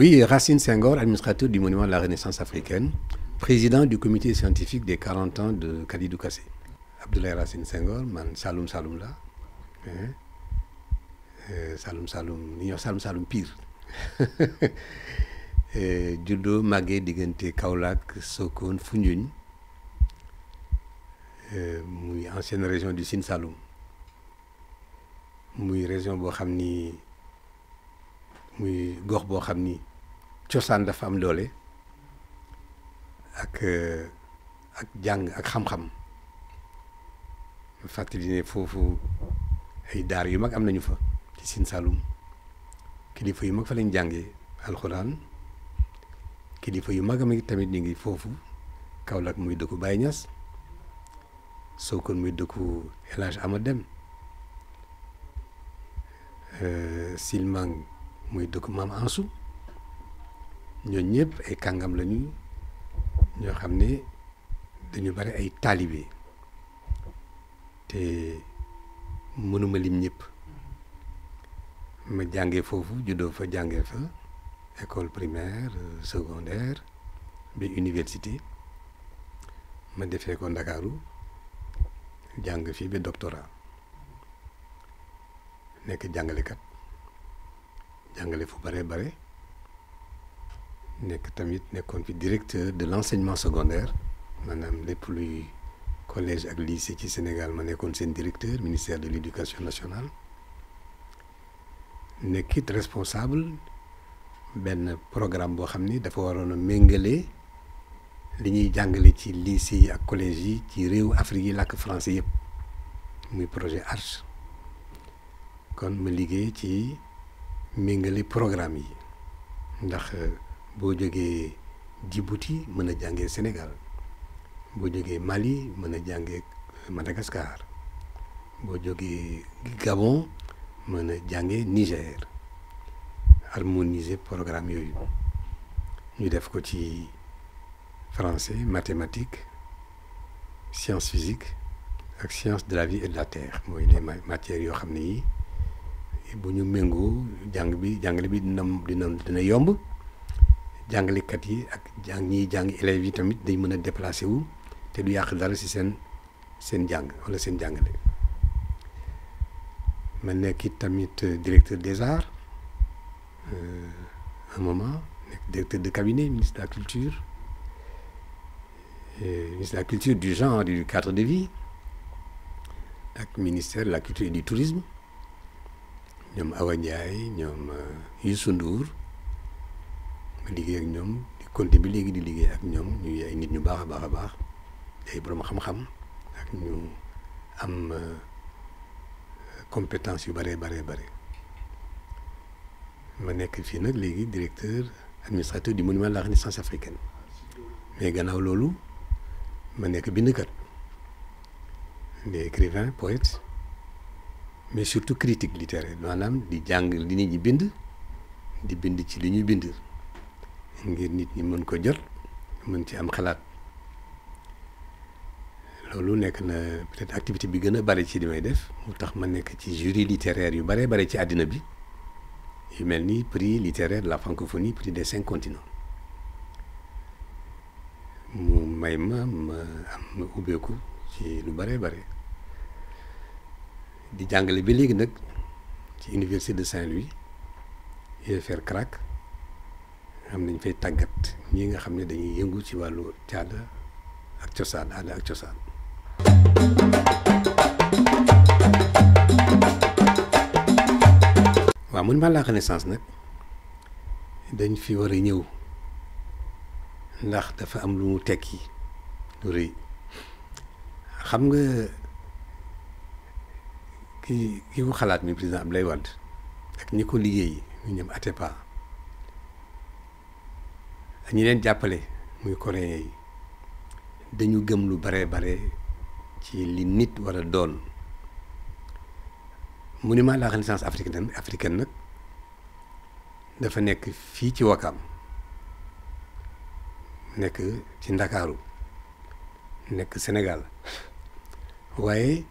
Oui, Racine Senghor, administrateur du monument de la Renaissance africaine, président du comité scientifique des 40 ans de Kalidou Kassé. Abdoulaye Racine Senghor, man Saloum Saloum la. Hein? Euh, Saloum Saloum, ñoo Saloum Saloum pire. Euh, juddoo màggee diggante Kaolack Sokone Foundiougne euh, muy ancienne région du Sine salum muy région boo xam ni muy gox boo xam ni cosaan dafa am doole ak euh, ak jàng ak xam-xam fàttali ne foofu ay daar yu mag am nañu fa ci Sine kilifa yu mag fa lañ jànge alxuraan kilifa yu mag am tamit ñu ngi foofu Kaolack muy dëkku ñas Niass Sokone muy dëkku El am a Dem Silmang muy dëkku Maam Ansou ñooñ ñëpp ay kàngam lañu ñoo xam ne dañu bari ay taalibe te mënuma lim ñëpp ma jàngee foofu juddoo fa jàngee fa école primaire secondaire bi université ma defee ko Ndakaaru jàng fii ba doctorat nekk jàngalekat jàngale fu bare bare nekk tamit nekkoon fi directeur de l'enseignement secondaire maanaam lépp luy collège ak lycée ci Sénégal ma nekkoon seen directeur ministère de l'éducation nationale nekkit responsable benn programme boo xam ni dafa waroon a méngale li ñuy jàngale ci lycée ak collège yi ci réew Afrique yi làkk français yëpp muy projet ARCH kon ma liggéey ci méngale programme yi ndax euh, boo jógee Djibouti mën a jàngee Sénégal boo jógee Mali mën a jàngee Madagascar boo jógee Gabon mën a jàngee Niger harmoniser programme yooyu ñu def ko ci français mathématiques sciences physiques ak sciences de la vie et de la matière yoo xam ne yi bu ñu méngoo jàng bi jàngale bi dina dina dina yomb jàngalekat yi ak jàng ñiy jàng élèves yi tamit dañ mën a déplacé wu te du yàq dara ci seen seen jàng walla seen jàngale ma nekk it tamit directeur des arts euh, un moment nekk directeur de cabinet ministre de la culture et ministre culture du genre et du cadre de vie ak ministère de la culture et du tourisme ñoom Awa Ndiaye ñoom euh, Youssou Ndour liggéey ak ñoom di continuer bi léegi di liggéey ak ñoom ñuy ay nit ñu baax a baax a baax ay borom xam-xam ak ñu am euh, compétence yu bëree bëree bëri ma nekk fii nag léegi directeur administrateur du monument de la Renaissance africaine mais gannaaw loolu ma nekk bind bindkat des écrivains poètes mais surtout critique littéraire maanaam di jàng li nit ñi bind di bind ci li ñuy bind ngir nit ñi mën ko jël mën ci am xalaat loolu nekk na peut-être activité bi gën a bari ci di may def mu tax ma nekk ci jury littéraire yu baree bari ci àddina bi yu mel ni prix littéraire de la francophonie prix des cinq continents mu may ma ma am ubbeeku ci lu baree bare di jàngale bi léegi nag ci université de Saint-Louis UFR CRAC am nañ fay tàggat ñi nga xam ne dañuy yëngu ci wàllu caada ak cosaan aada ak cosaan waaw mun ma la Renaissance nag dañ fi war a ñëw ndax dafa am lu mu tekki lu rëy xam nga ki ki ko xalaat mi président Abdoulaye Wade ak ñi ko liggéey ñu ñoom Atepa ñi leen jàppale muy coréen yi dañu gëm lu bare bare ci li nit war a doon monument la renaissance africaine africaine nag dafa nekk fii ci Wakam nekk ci Ndakaaru nekk Sénégal waaye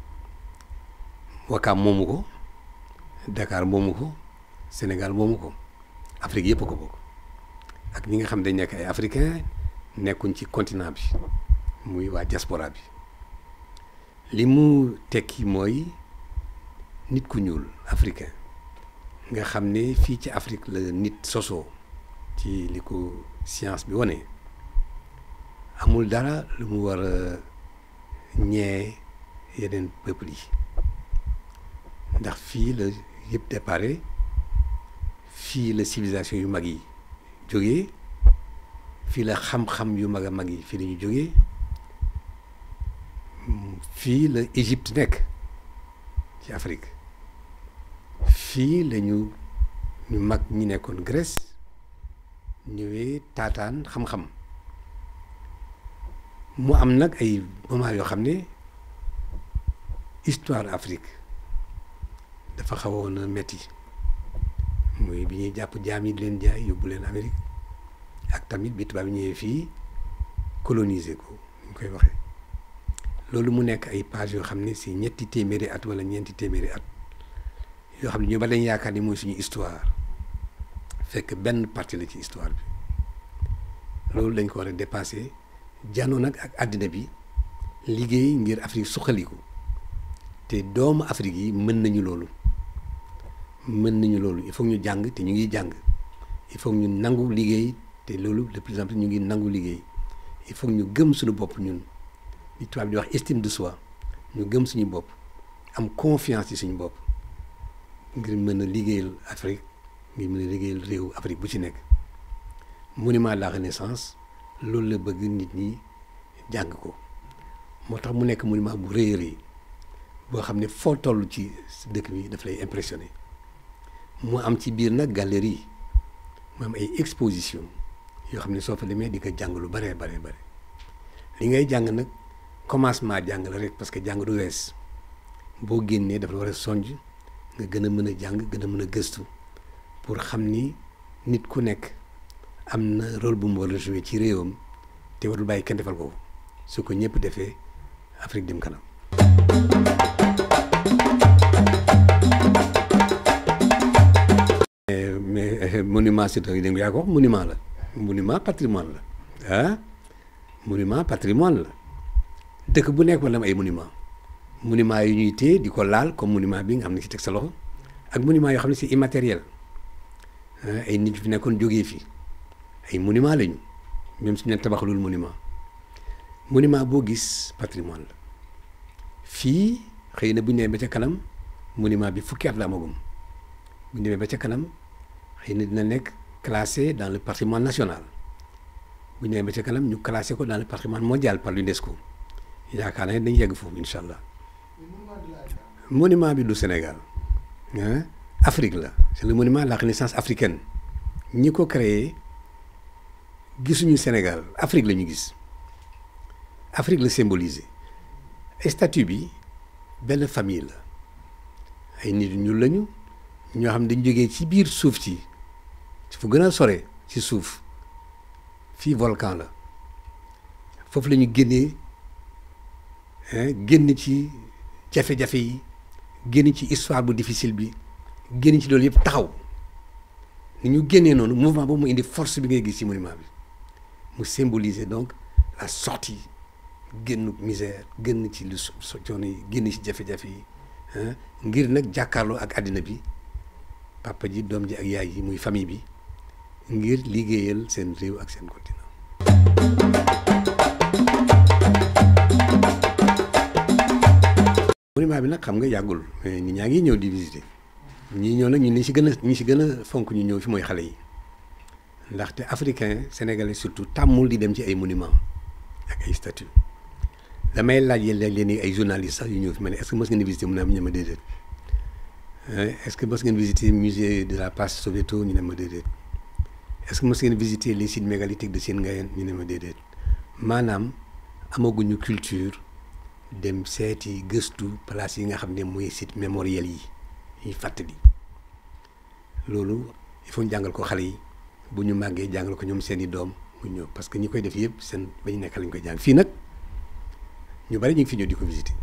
Wakam moomu ko Dakar moomu ko Sénégal moomu ko Afrique yëpp ko bokk ak ñi nga xam dañ nekk ay africain nekkuñ ci continent bi muy waa diaspora bi li mu tekki mooy nit ku ñuul africain nga xam ne fii ci Afrique la nit sosoo ci li ko science bi wane amul dara lu mu war a ñee yeneen peuple yi ndax fii la yëpp déparé fii la civilisation yu mag yi jóge fii la xam-xam yu mag a mag yi fii la jóge jógee fii la Égypte nekk ci Afrique fii lañu ñu mag ñu nekkoon Grèce ñëwee taataan xam-xam mu am nag ay moment yoo xam ne histoire Afrique dafa xawoon a metti muy bi ñuy jàpp jaam yi di leen jaay yóbbu leen Amérique ak tamit bi tubaab yi ñëwee fii coloniser ko ñu koy waxee loolu mu nekk ay page yoo xam ne si ñetti téeméeri at wala ñeenti téeméeri at yoo xam ne ñu ba dañ yaakaar ni mooy suñu histoire fekk benn partie la ci histoire bi loolu lañ ko war a janoo nag ak àddina bi liggéey ngir Afrique suqaliku te doomu Afrique yi mën nañu loolu mën nañu loolu il faut ñu jàng te ñu ngi jàng il faut ñu nangu liggéey te loolu de plus ñu ngi nangu liggéey il faut ñu gëm suñu bopp ñun li tubaab di wax estime de soi ñu gëm suñu bopp am confiance ci suñu bopp ngir mën a liggéeyal Afrique ngir mën a liggéeyal réew Afrique bu ci nekk monument de la renaissance loolu la bëgg nit ñi jàng ko moo tax mu nekk monument bu rëy a boo xam ne foo toll ci dëkk bi daf lay impressionné. mu am ci biir nag galerie mu am ay exposition yoo xam ne soo fa demee di ko jàng lu bëree bare bëri li ngay jàng nag commencement jàng la rek parce que jàng du wees boo génnee dafa war a sonj nga gën a mën a jàng gën a mën a gëstu pour xam ni nit ku nekk am na rôle bu mu war a jouer ci réewam te warul bàyyi kenn defal ko su ko ñëpp defee Afrique dem kanam. monument Siteu yi dégg nga yaa ko monument la monument patrimoine la ah monument patrimoine la dëkk bu nekk wala am ay monument monument yi ñuy téye di ko laal comme monument bi nga xam ne ci teg sa ak monument yoo xam ne c'est ah, ay nit fi nekkoon jógee fii ay monument lañu même suñu leen tabaxalul monument monument boo gis patrimoine la fii xëy na bu ñu demee ba ca kanam monument bi fukki at la amagum bu ñu demee ba ca kanam xëy na dina nekk classé dans le patrimoine national bu ñu demee ba ca ñu classé ko dans le patrimoine mondial par l'UNESCO yaakaar na dañu yegg foofu incha allah. monument bi du Sénégal Afrique la c'est le monument de ñi ko créé gisuñu Sénégal Afrique la ñu gis Afrique la symbolisé statue bi benn famille la ay nit ñu lañu ñoo xam ne dañ jóge ci biir suuf ci fu gën a sore ci suuf fii volcan la foofu la ñu génnee génn ci jafe-jafe yi génn ci histoire bu difficile bi génn ci loolu yëpp taxaw ni ñu génnee noonu mouvement boobu mu indi force bi ngay gis ci monument bi mu symboliser donc la sortie génn misère génn ci lu coono yi génn ci jafe-jafe yi ngir nag jàkkaarloo ak àddina bi papa ji doom ji ak yaay yi muy famille bi ngir liggéeyal seen réew ak seen continent. monument bi nag xam nga yàggul mais ñaa ngi ñëw di visiter ñii ñëw nag ñu ni si gën a ñi si gën a fonk ñu ñëw fi mooy xale yi ndaxte africain sénégalais surtout tàmmul di dem ci ay monument ak ay statue damay laaj léeg-léeg leen ay journalistes sax yu ñëw su ma ne est-ce que mës ngeen visiter mu ne am ñu ma déedéet est-ce que mës ngeen visiter musée de la place Soweto ñu ne ma déedéet est-ce que mos ngeen visiter les sites mégalithiques de Sine Ngayeen ñu ne ma déedéet maanaam amaguñu culture dem seeti gëstu place yi nga xam ne mooy site mémoriel yi ñuy fàttali loolu il faut ñu jàngal ko xale yi bu ñu màggee jàngal ko ñoom seen i doom mu ñëw parce que ñu koy def yëpp seen ba ñu nekk lañu koy jàng fii nag ñu bari ñu ngi fi ñëw di ko visiter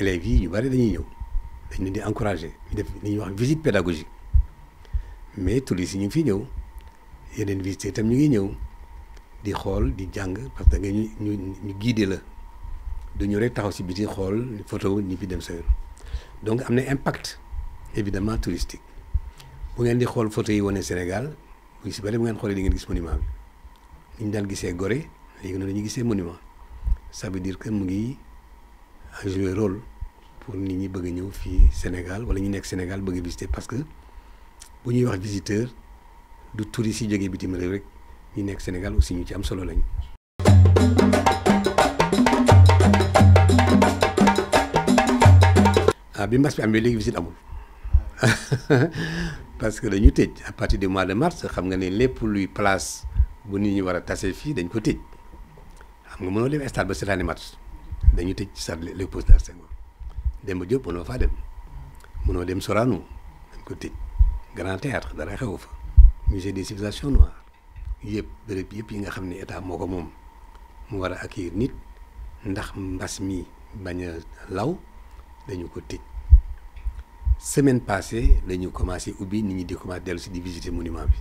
élèves yi ñu bari dañuy ñëw dañ leen di encourager ñu def li ñuy wax visite pédagogique mais touristes yi ñu ngi ñëw. yeneen visite tam ñu ngi ñëw di xool di jàng parce que nga ñu ñu ñu la du ñu taxaw si biti xool photo ñi fi dem sa donc am na impact évidemment touristique bu ngeen di xool photo yi wane Sénégal bu si bëri bu ngeen xoolee di ngeen gis monument bi ni ñu daan gisee gore léegi noonu la ñuy gisee monument ça veut dire que mu ngi joué rôle pour nit ñi bëgg ñëw fii Sénégal wala ñu nekk Sénégal bëgg visiter parce que bu ñuy wax visiteur. du touriste yi jógee bitim réew rek ñu nekk Sénégal aussi ñu ci am solo lañu. ah bi mbas bi amee léegi visite amul parce que dañu tëj à partir du mois de mars xam nga ne lépp luy place bu nit ñi war a tase fii dañ ko tëj xam nga mënoo dem stade ba seetaani match dañu tëj stade Léopold Sédar Senghor ba Diop mënoo faa dem mënoo dem Sorano dañ ko tëj Grand Théâtre dara xewu fa. musée des civilisations noires yëpp bërëb yëpp yi nga xam ne état moo ko moom mu war a accueillir nit ndax mbas mi bañ a law dañu ko tëj semaine passée lañu commencé ubbi nit ñi di commencé dellu si di visiter monument bi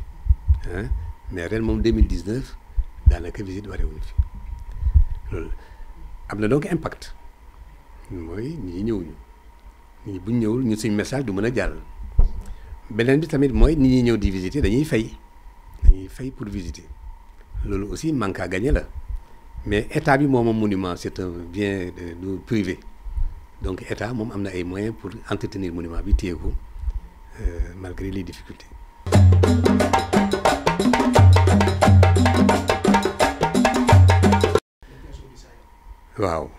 mais ren moom 2019 daanaka visite warewuñ fi loolu am na donc impact mooy nit ñi ñëwuñu nit ñi buñ ñëwul ñu suñ message du mën a jàll. beneen bi tamit mooy nit ñi ñëw di visiter dañuy fay dañuy fay pour visiter loolu aussi manque à la mais état bi moom moom monument c'est un bien du privé donc état moom am na ay moyen pour entretenir monument bi téye ko euh, malgré les difficultés. waaw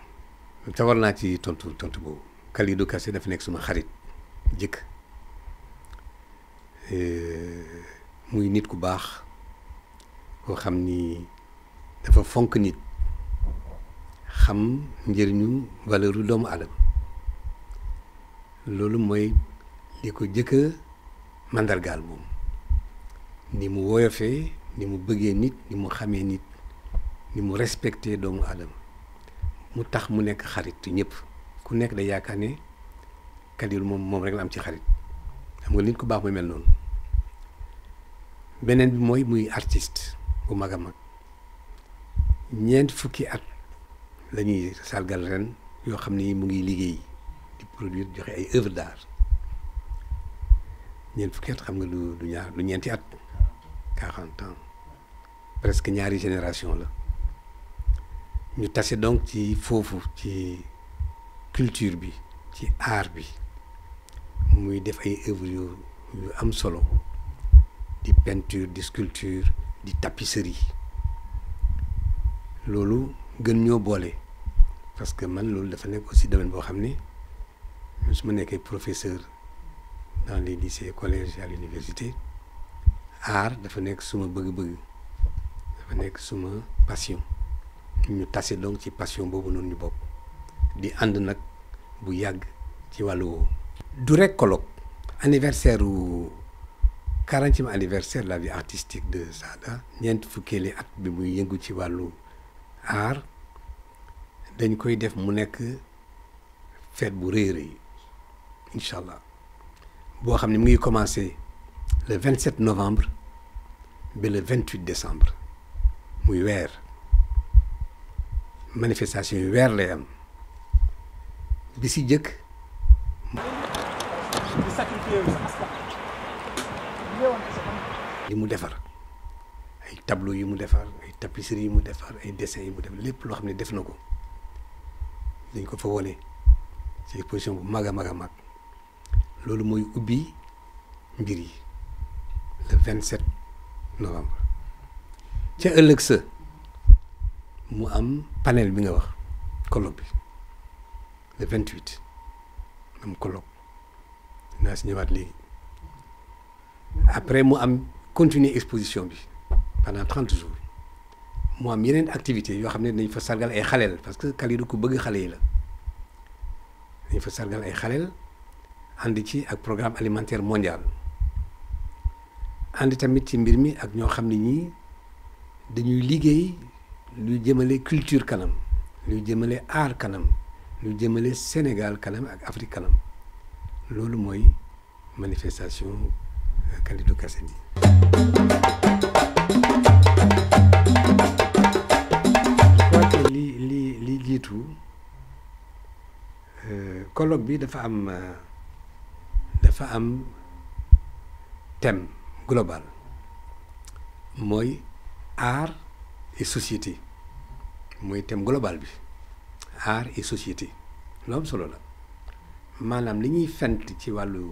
te war naa ci tontu tontu boobu Kalidou Kassé dafa nekk suma xarit jëkk Euh, muy nit ku baax koo xam ni dafa fonk nit xam njëriñu valeuru doomu aadama loolu mooy li ko jëkk a màndargaal moom ni mu woyofee ni mu bëggee nit ni mu xamee nit ni mu respecté doomu aadama mu tax mu nekk xarit ñëpp ku nekk da yaakaar ne Kadir moom moom rek la am ci xarit xam nga nit ku baax mooy mel noonu beneen bi mooy muy artiste bu mag a mag ñeent fukki at la ñuy sargal ren yoo xam ni mu ngi liggéey di produire joxe ay œuvre d'art ñeent fukki at xam nga lu du ñaar lu ñeenti at quarante ans presque ñaari génération la ñu tase donc ci foofu ci culture bi ci aar bi muy def ay œuvre yu am solo di peinture di sculpture di tapisserie loolu gën ñoo boole parce que man loolu dafa nekk aussi domaine boo xam ne même su ma nekkee professeur dans les lycées collège et à l'université art dafa nekk suma bëgg-bëgg dafa nekk suma passion ñu tase donc ci passion boobu noonu ñu bopp di ànd nag bu yàgg ci wàllu woowu. du rek colloque anniversaire quarantième anniversaire de la vie artistique de Sada ñeent fukkeeli at bi muy yëngu ci wàllu art dañ koy def mu nekk fête bu rëy rëy incha allah boo xam ne mu ngi commencé le 27 novembre ba le 28 décembre muy weer manifestation yi weer lay am bi si jëkk. li mu defar ay tableau yi mu defar ay tapisserie yi mu defar ay dessin yi mu defar lépp loo xam ne def na ko dañ ko fa wone ci exposition bu mag a mag a mag loolu mooy ubbi mbir yi le 27 novembre ca ëllëg sa mu am panel bi nga wax colloque bi le 28 am colloque naa si ñëwaat léegi après mu am continuer exposition bi pendant trente jours mu am yeneen activité yoo xam ne dañ fa sargal ay xaleel parce que Kalidou ku bëgg xale yi la dañu fa sargal ay xaleel and ci ak programme alimentaire mondiale ànd tamit ci mbir mi ak ñoo xam ne ñii dañuy liggéey luy jëmale culture kanam luy jëmale aar kanam luy jëmale Sénégal kanam ak Afrique kanam loolu mooy manifestation Kalidou Kassé bi Euh, colloque bi dafa am euh, dafa am tem global mooy art et société mooy tem global bi art et société lu am solo la maanaam li ñuy fent ci wàllu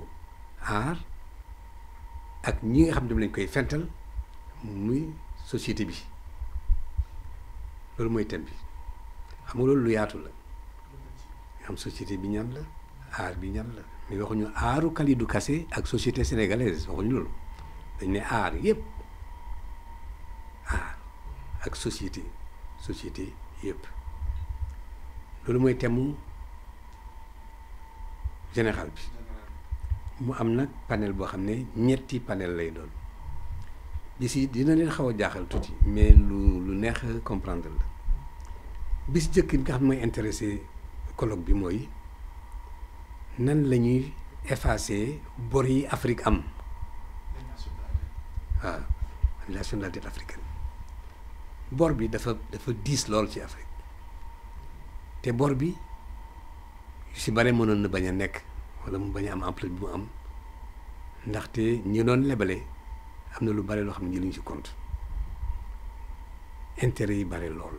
art ak ñi nga xam ne lañ koy fental muy société bi loolu mooy thème bi xam nga loolu lu yaatu la am société bi ñan la aar bi ñan la mais waxuñu aaru Kalidou Kassé ak société sénégalaise waxuñu loolu dañ ne aar yëpp aar ak société société yëpp loolu mooy thème mu général bi mu am nag panel boo xam ne ñetti panel lay doon bis yi dina leen xaw a jaaxal tuuti mais lu lu neex comprendre la bis jëkk nga xam mooy intéressé colloque bi mooy nan la ñuy effacer bor yi Afrique am waaw ah, nationalité africaine bor bi dafa dafa diis lool ci Afrique te bor bi yu si bare mënoon na bañ a nekk wala mu bañ am ampleur bi mu am ndaxte ñi doon lebale am na lu bare loo xam ne jëluñ ci compte intérêt yi bare lool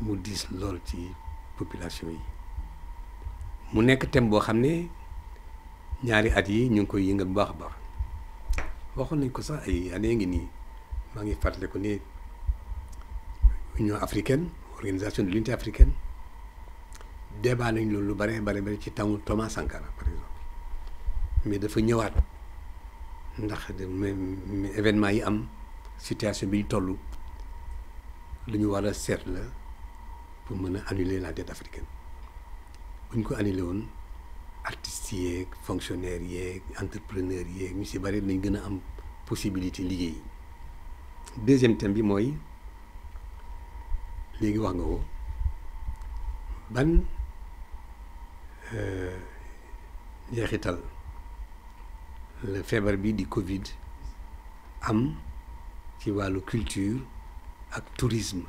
mu diis lool ci population yi mu nekk thème boo xam ne ñaari at yi ñu ngi koy yëngal bu baax a baax waxoon nañ ko sax ay année ngi nii maa ngi fàttale ko ni Union africaine organisation de l'unité africaine débat nañ loolu lu bare bare bare ci tàngu Thomas Sankara par mais dafa ñëwaat ndax événement yi am situation bi ñu toll lu ñu war a seet la pour mën a annuler la dette africaine bu ñu ko annulé woon artistes yeeg fonctionnaires yeeg entrepreneurs yeeg ñu si bëri nañ gën a am possibilité liggéey deuxième thème bi mooy léegi wax nga ko ban euh, jeexital. feebar bi di Covid am ci wàllu culture ak tourisme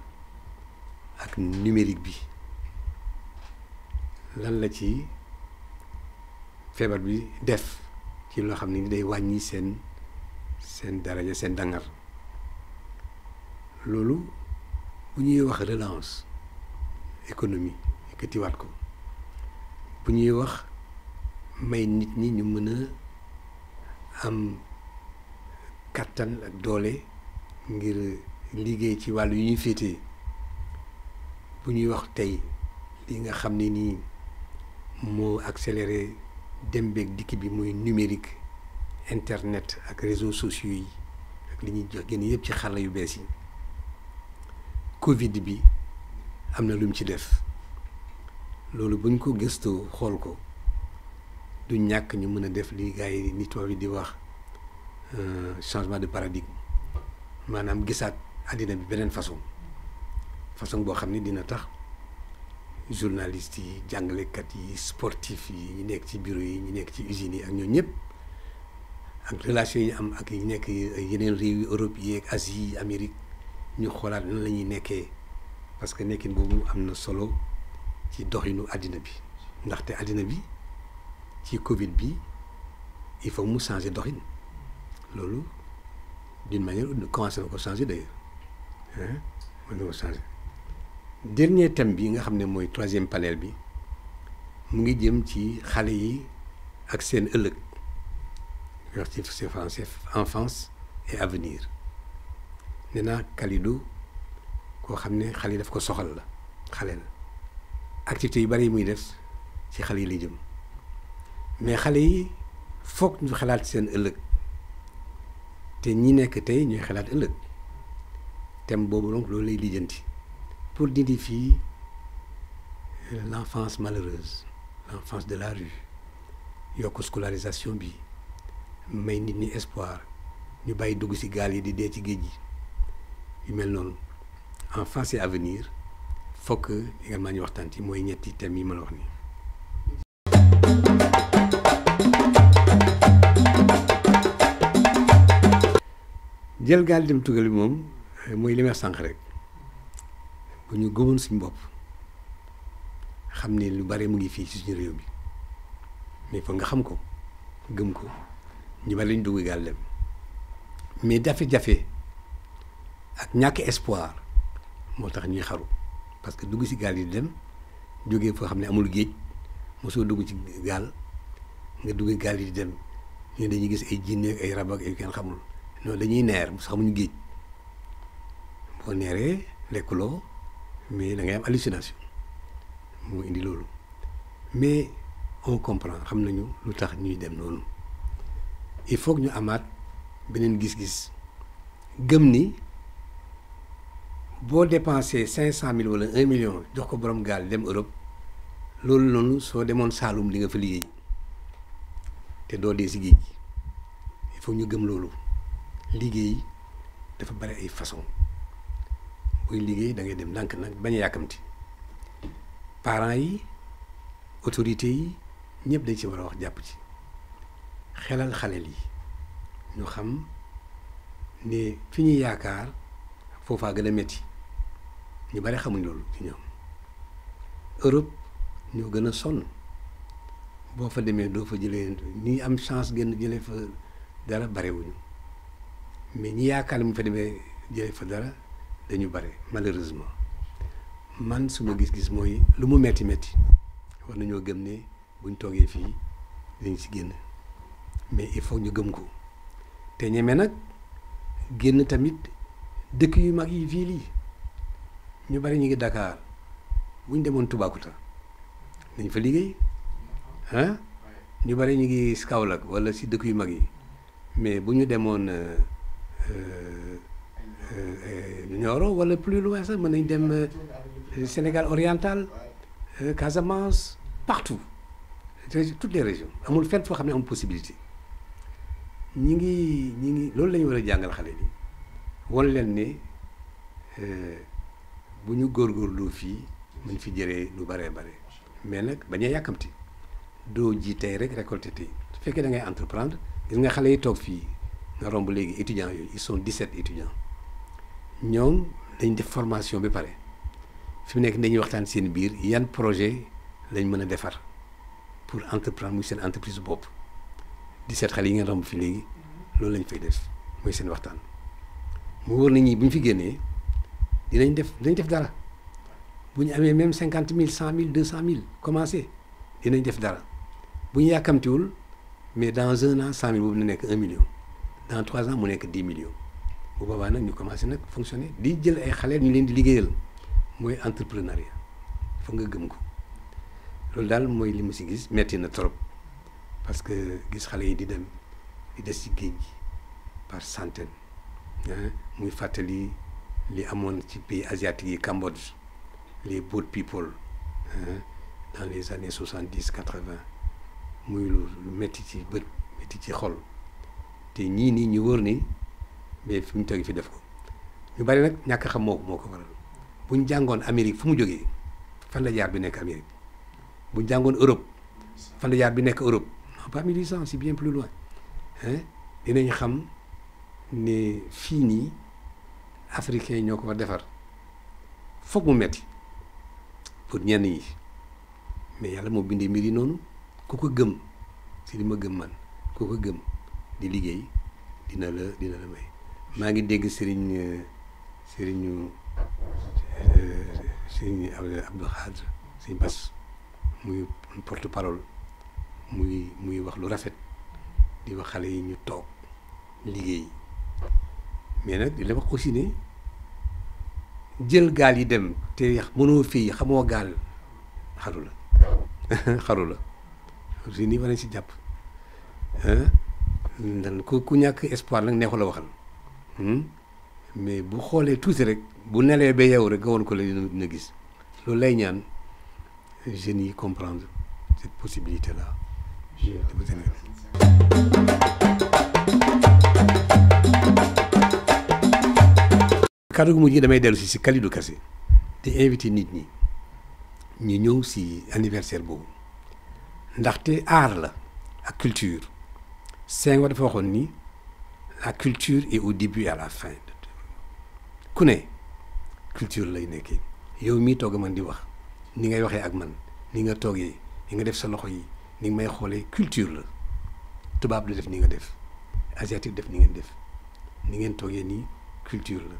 ak numérique bi lan la ci feebar bi def ci loo xam ne day wàññi seen seen daraja seen dangar loolu bu ñuy wax relance économie yëkkatiwaat ko bu ñuy wax may nit ñi ñu mën am kattan ak doole ngir liggéey ci wàllu yu ñuy féetee bu ñuy wax tey li nga xam ne nii moo accéléré dem beeg dikk bi muy numérique internet ak réseaux sociaux yi ak li ñuy jox génn yëpp ci xarala yu bees yi Covid bi am na lum ci def loolu buñ ko gëstoo xool ko du ñàkk ñu mën a def li gars yi ni tubaab yi di wax euh, changement de paradigme maanaam gisaat àddina bi beneen façon façon boo xam ne dina tax journalistes yi jàngalekat yi sportif yi ñu nekk ci bureau yi ñu nekk ci usines yi ak ñoo ñëpp ak relation yi am ak yi nekk yeneen réew yi Europe yi ak Asie yi Amérique ñu xoolaat nan ñuy nekkee parce que nekkin boobu am na solo ci doxinu àddina bi ndaxte àddina bi. ci Covid bi il faut mu changer doxin loolu d'une manière ou commencé na ko changer d'ailleurs hein thème bi nga xam ne mooy troisième panel bi mu ngi jëm ci xale yi ak seen ëllëg wax ci c'est français enfance et avenir nee naa Kalidou koo xam ne xale yi daf ko soxal la xale la activités yu bari yi muy def ci xale yi lay jëm mais xale yi foog ñu xalaat seen ëllëg te ñi nekk tey ñooy xalaat ëllëg thème boobu donc loolu lay lijjanti pour dindi fii euh, l'enfance malheureuse l'enfance de la rue yokk scolarisation bi may nit ñi espoir ñu bàyyi dugg ci gaal yi di dee ci géej gi yu mel noonu enfance et avenir fokk également ñu waxtaan ci mooy ñetti thèmes yi ma la wax nii. jël gaal dem tugal bi moom mooy li sànq rek bu ñu gëmoon suñu bopp xam ne lu bari mu ngi fii si suñu réew bi mais foog nga xam ko gëm ko ñu bari lañ dugg gaal dem mais jafe-jafe ak ñàkk espoir moo tax ñuy xaru parce que dugg si gaal yi dem jógee foo xam ne amul géej mosoo dugg ci gaal nga dugg gaal yi dem ñu dañuy gis ay jinne ay rab ak ay kenn xamul. loolu dañuy neer xamuñu géej boo neeree lekkuloo mais da ngay am hallucination moo indi loolu mais on comprend xam nañu lu tax ñuy dem noonu il faut ñu amaat beneen gis-gis gëm ni boo dépensé cinq cent mille wala un million jox ko boroom gaal dem Europe loolu noonu soo demoon Saalum li nga fa liggéey te doo dee si géej gi il faut ñu gëm loolu. liggéey dafa bari ay façon buy liggéey da dem ndànk nag bañ a yàkkamti parents yi autorité yi ñëpp dañ ci war a wax jàpp ci xelal xaleel yi ñu xam ne fi ñuy yaakaar foofaa gën a metti ñu bari xamuñ loolu ci ñoom Europe ñoo gën a sonn boo fa demee doo fa jëlee nii am chance gën jëlee fa dara barewuñu mais ñi yaakaar mu fa demee jëlee fa dara dañu bare malheureusement man suma gis-gis mooy lu mu metti metti war nañoo gëm ne buñ toogee fii dañ si génn mais il faut ñu gëm ko te ñeme nag génn tamit dëkk yu mag yi ville yi ñu bari ñu ngi Dakar buñ demoon Toubacouta nañ fa liggéey ah ñu bari ñu ngi Kaolack wala si dëkk yu mag yi mais bu ñu demoon. Euh, Euh, euh, euh, Nioro wala plus loin sax mën nañ dem Sénégal oriental Casamance partout toutes les régions amul fenn foo xam ne amul possibilité ñi ngi ñi ngi loolu la war a jàngal xale bi wan leen ne bu ñu góor góor góorgóorloo fii mën fi jëree lu bare bare mais nag bañ a yàkkamti doo ji tey rek récolté tey su fekkee da ngay entreprendre gis nga xale yi toog fii nga romb léegi étudiants yooyu ils sont 17 étudiants ñoom dañ def formation bi pare fi mu nekk dañuy waxtaan seen biir yan projet lañ mën a defar pour entreprendre muy seen entreprise bopp 17 xale yi nga romb fi léegi loolu lañu fay def mooy seen waxtaan mu wóor na ñi bu ñu fi génnee dinañ def dinañ def dara bu ñu amee même cinquante mille cent mille deux cent mille commencé dinañ def dara bu ñu yàkkamtiwul mais dans un an cent mille boobu na nekk million dans trois ans mu nekk dix millions bu boobaa nag ñu commencé nag fonctionner di jël ay xale ñu leen di liggéeyal mooy entrepreneuriat fa nga gëm ko loolu daal mooy li mu si gis metti na trop parce que gis xale yi di dem di des ci géej gi par centaine muy fàttali li amoon ci pays asiatique yi Cambodge les boat people dans les années soixante dix quatre vingt muy lu metti ci bët metti ci xol. te ñii nii ñu wóor ni mais fu mu teg fi def ko ñu bari nag ñàkk xam moo ko moo ko waral bu ñu jàngoon Amérique fu mu jógee fan la jaar bi nekk Amérique bu ñu jàngoon Europe fan jaar bi nekk Europe non pas mille huit cent c'est bien plus loin dinañ xam ne fii nii africain ñoo ko war defar foog mu metti pour ñenn ñi mais yàlla moo bindee mbir yi noonu ku ko gëm si li ma gëm man ku ko gëm. di liggéey dina la dina la may maa ngi dégg sëriñ sëriñu sëriñ Abdou Khadre sëriñ Bass muy porte parole muy muy wax lu rafet di wax xale yi ñu toog liggéey mais nag di la wax aussi ne jël gaal yi dem te mënoo fii xamoo gaal xaru la xaru la aussi nii war nañ si jàpp dan ku ñàkk espoir nag neexu la waxal hmm? bu xoolee tuuti rek bu nelee ba yow rek nga woon ko la dina gis loolu ñaan jeunes yi comprendre cette possibilité là au Sénégal mujj damay dellu si si Kalidou Kassé te invité nit ñi ñu ñëw si anniversaire boobu ndaxte aar la ak culture Senghor dafa waxoon ni la culture est au début et à la fin ku ne culture lay nekkee yow mii toog man di wax ni ngay waxee ak man ni nga toogee ni nga def sa loxo yi ni may xoolee culture la tubaab du def ni nga def asiatique def ni ngeen def ni ngeen toogee nii culture la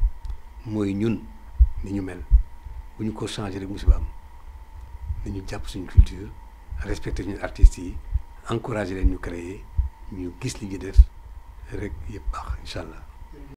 mooy ñun ni ñu mel bu ñu ko changé rek musiba am ni ñu jàpp suñu culture respecté suñu artistes yi encouragé leen ñu créer ñu gis li ñu def rek yëpp baax incha allah.